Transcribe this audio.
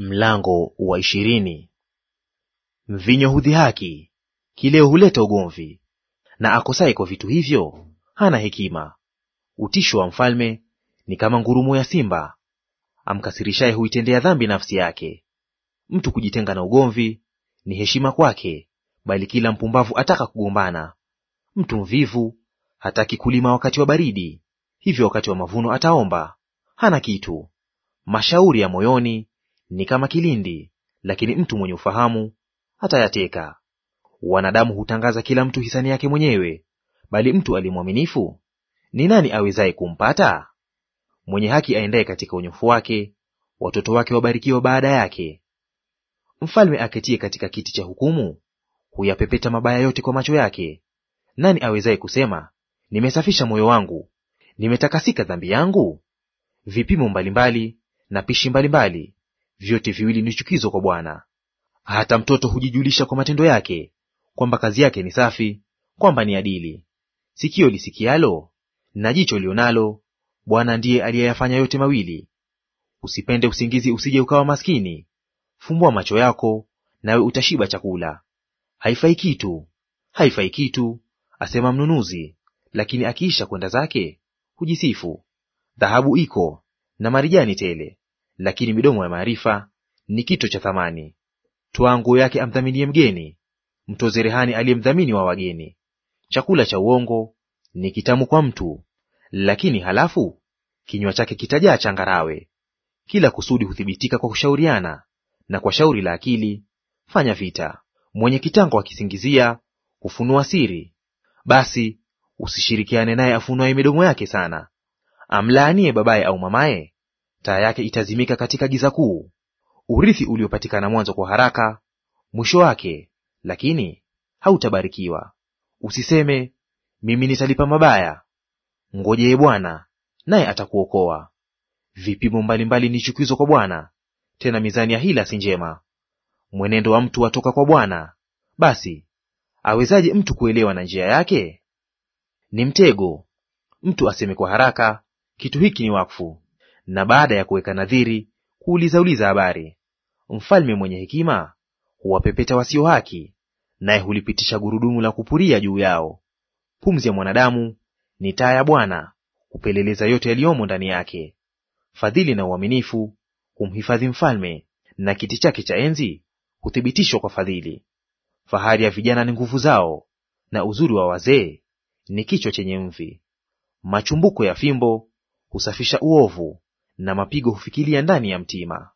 Mlango wa ishirini. Mvinyo hudhihaki, kileo huleta ugomvi, na akosaye kwa vitu hivyo hana hekima. Utisho wa mfalme ni kama ngurumo ya simba, amkasirishaye huitendea dhambi nafsi yake. Mtu kujitenga na ugomvi ni heshima kwake, bali kila mpumbavu ataka kugombana. Mtu mvivu hataki kulima wakati wa baridi, hivyo wakati wa mavuno ataomba, hana kitu. Mashauri ya moyoni ni kama kilindi, lakini mtu mwenye ufahamu atayateka. Wanadamu hutangaza kila mtu hisani yake mwenyewe, bali mtu alimwaminifu ni nani awezaye kumpata? Mwenye haki aendaye katika unyofu wake, watoto wake wabarikiwa baada yake. Mfalme aketie katika kiti cha hukumu huyapepeta mabaya yote kwa macho yake. Nani awezaye kusema, nimesafisha moyo wangu, nimetakasika dhambi yangu? Vipimo mbalimbali na pishi mbalimbali vyote viwili ni chukizo kwa Bwana. Hata mtoto hujijulisha kwa matendo yake, kwamba kazi yake ni safi, kwamba ni adili. Sikio lisikialo na jicho lionalo, Bwana ndiye aliyeyafanya yote mawili. Usipende usingizi, usije ukawa maskini. Fumbua macho yako, nawe utashiba chakula. Haifai kitu, haifai kitu, asema mnunuzi, lakini akiisha kwenda zake hujisifu. Dhahabu iko na marijani tele, lakini midomo ya maarifa ni kito cha thamani. Twaa nguo yake amdhaminie mgeni, mtoze rehani aliyemdhamini wa wageni. Chakula cha uongo ni kitamu kwa mtu, lakini halafu kinywa chake kitajaa changarawe. Kila kusudi huthibitika kwa kushauriana, na kwa shauri la akili fanya vita. Mwenye kitango akisingizia hufunua siri, basi usishirikiane naye afunuaye midomo yake sana. Amlaanie babaye au mamaye, taa yake itazimika katika giza kuu. Urithi uliopatikana mwanzo kwa haraka, mwisho wake lakini hautabarikiwa. Usiseme, mimi nitalipa mabaya. Ngojee ee Bwana, naye atakuokoa. Vipimo mbalimbali ni chukizo kwa Bwana, tena mizani ya hila si njema. Mwenendo wa mtu watoka kwa Bwana, basi awezaje mtu kuelewa na njia yake? Ni mtego mtu aseme kwa haraka, kitu hiki ni wakfu na baada ya kuweka nadhiri kuulizauliza habari. Mfalme mwenye hekima huwapepeta wasio haki, naye hulipitisha gurudumu la kupuria juu yao. Pumzi ya mwanadamu ni taa ya Bwana, hupeleleza yote yaliyomo ndani yake. Fadhili na uaminifu humhifadhi mfalme, na kiti chake cha enzi huthibitishwa kwa fadhili. Fahari ya vijana ni nguvu zao, na uzuri wa wazee ni kichwa chenye mvi. Machumbuko ya fimbo husafisha uovu, na mapigo hufikilia ndani ya mtima.